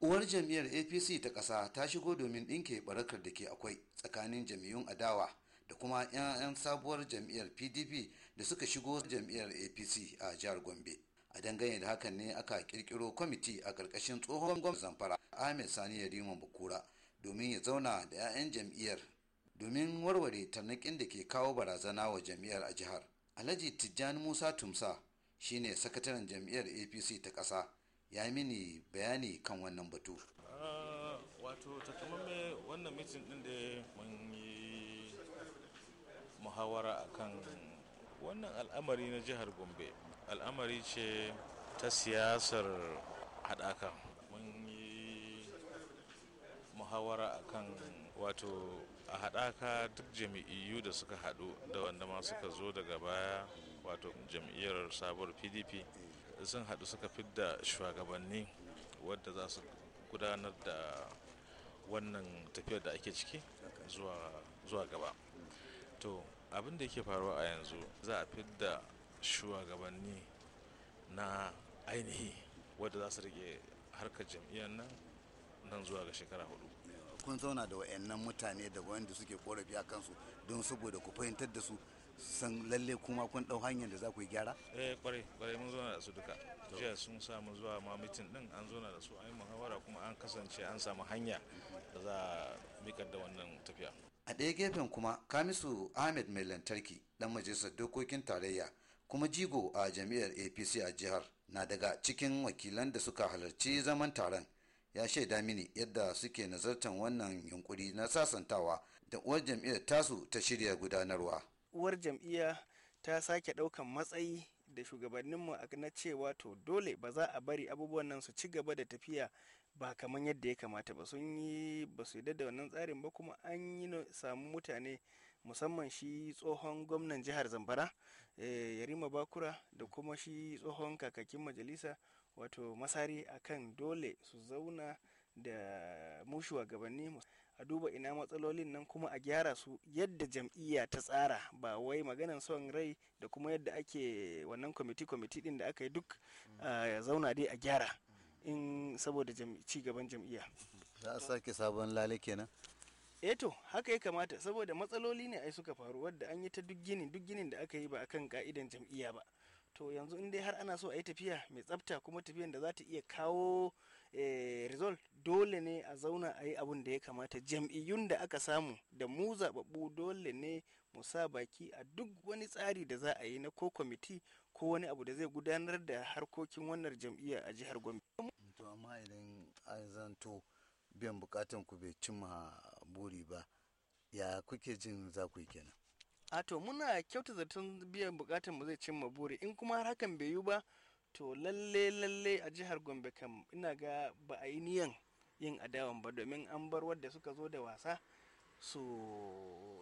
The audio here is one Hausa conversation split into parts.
uwar jam'iyyar apc ta ƙasa ta shigo domin ɗinke barakar da ke akwai tsakanin jami'un adawa da kuma 'yan sabuwar jam'iyyar pdp da suka shigo jam'iyyar apc a jihar gombe a dangane da hakan ne aka kirkiro kwamiti a ƙarƙashin tsohon gwamnan zamfara ahmed sani Yarima, bukura domin ya zauna da 'ya'yan jam'iyyar domin warware tarnaƙin da ke kawo barazana wa jam'iyyar a jihar alhaji tijjani musa tumsa shine sakataren jam'iyyar apc ta ƙasa ya yi mini bayani kan wannan batu ah, wato takamamme wannan mitin din da mun yi muhawara a kan wannan al'amari na jihar gombe al'amari ce ta siyasar haɗaka mun yi muhawara a kan wato a haɗaka duk jami'iyu da suka haɗu da wanda ma suka zo daga baya wato jam'iyyar sabuwar pdp sun haɗu suka fidda shugabanni wadda za su gudanar da wannan tafiyar da ake ciki zuwa gaba to abin da yake faruwa a yanzu za a fidda shugabanni na ainihi wadda za su rike harkar jam'iyyar nan nan zuwa ga shekara hudu kun zauna da wayannan mutane da wanda suke korafi a kansu don saboda ku fahimtar da su san lalle kuma kun ɗau hanyar da za ku yi gyara? Eh kwarai kwarai mun zo da su duka. Jiya sun sa mu zuwa ma mitin din an zo da su an muhawara kuma an kasance an samu hanya da za a mikar da wannan tafiya. A ɗaya gefen kuma Kamisu Ahmed mai lantarki ɗan majalisar dokokin tarayya kuma jigo a jami'ar APC a jihar na daga cikin wakilan da suka halarci zaman taron. ya shaida mini yadda suke nazartan wannan yunkuri na sasantawa da uwar jam'iyyar tasu ta shirya gudanarwa. uwar jam'iyya ta sake ɗaukan matsayi da shugabanninmu na cewa to dole ba za a bari abubuwan nan su ci gaba da tafiya ba kamar yadda ya kamata ba sun yi ba su da wannan tsarin ba kuma an yi samu mutane musamman shi tsohon gwamnan jihar zamfara eh, yarima bakura da kuma shi tsohon kakakin majalisa wato masari akan dole su zauna da mushuwa shugabanni a duba ina matsalolin nan kuma a gyara su yadda jam'iyya ta tsara ba wai maganan son rai da kuma yadda ake wannan kwamiti kwamiti din da aka yi duk mm. ah, ya zauna dai a gyara in saboda ci gaban jam'iyya za a sake sabon lale kenan eto eh haka ya kamata saboda matsaloli ne ai suka faru wadda an yi ta duk ginin duk ginin da aka yi ba akan ka'idan jam'iyya ba to yanzu in dai har ana so a yi tafiya mai tsafta kuma tafiyan da za ta iya kawo Eh, result dole ne a zauna a yi abin da ya kamata jam'iyyun da aka samu da mu zaɓaɓɓu dole ne mu sa baki a duk wani tsari da za a yi na ko kwamiti ko wani abu da zai gudanar da harkokin wannan jam'iyya a jihar gombe. to amma idan zanto biyan bukatan ku bai cimma buri ba ya kuke jin za ku kenan. a to muna kyauta zaton biyan bukatan mu zai cimma buri in kuma har hakan bai yi ba to lalle lalle a jihar gombe kam ina ga ba a yi niyan yin adawan ba domin an bar wadda suka zo da wasa su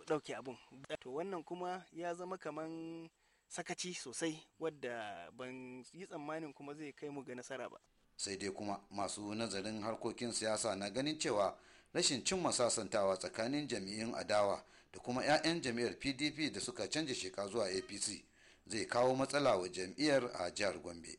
dauke abun to wannan kuma ya zama kaman sakaci sosai wadda ban yi tsammanin kuma zai kai mu ga nasara ba sai dai kuma masu nazarin harkokin siyasa na ganin cewa rashin cin sassantawa tsakanin jami'in adawa da kuma 'ya'yan jami'ar pdp da suka canja sheka zuwa apc zai kawo matsala wa jam'iyyar a jihar gombe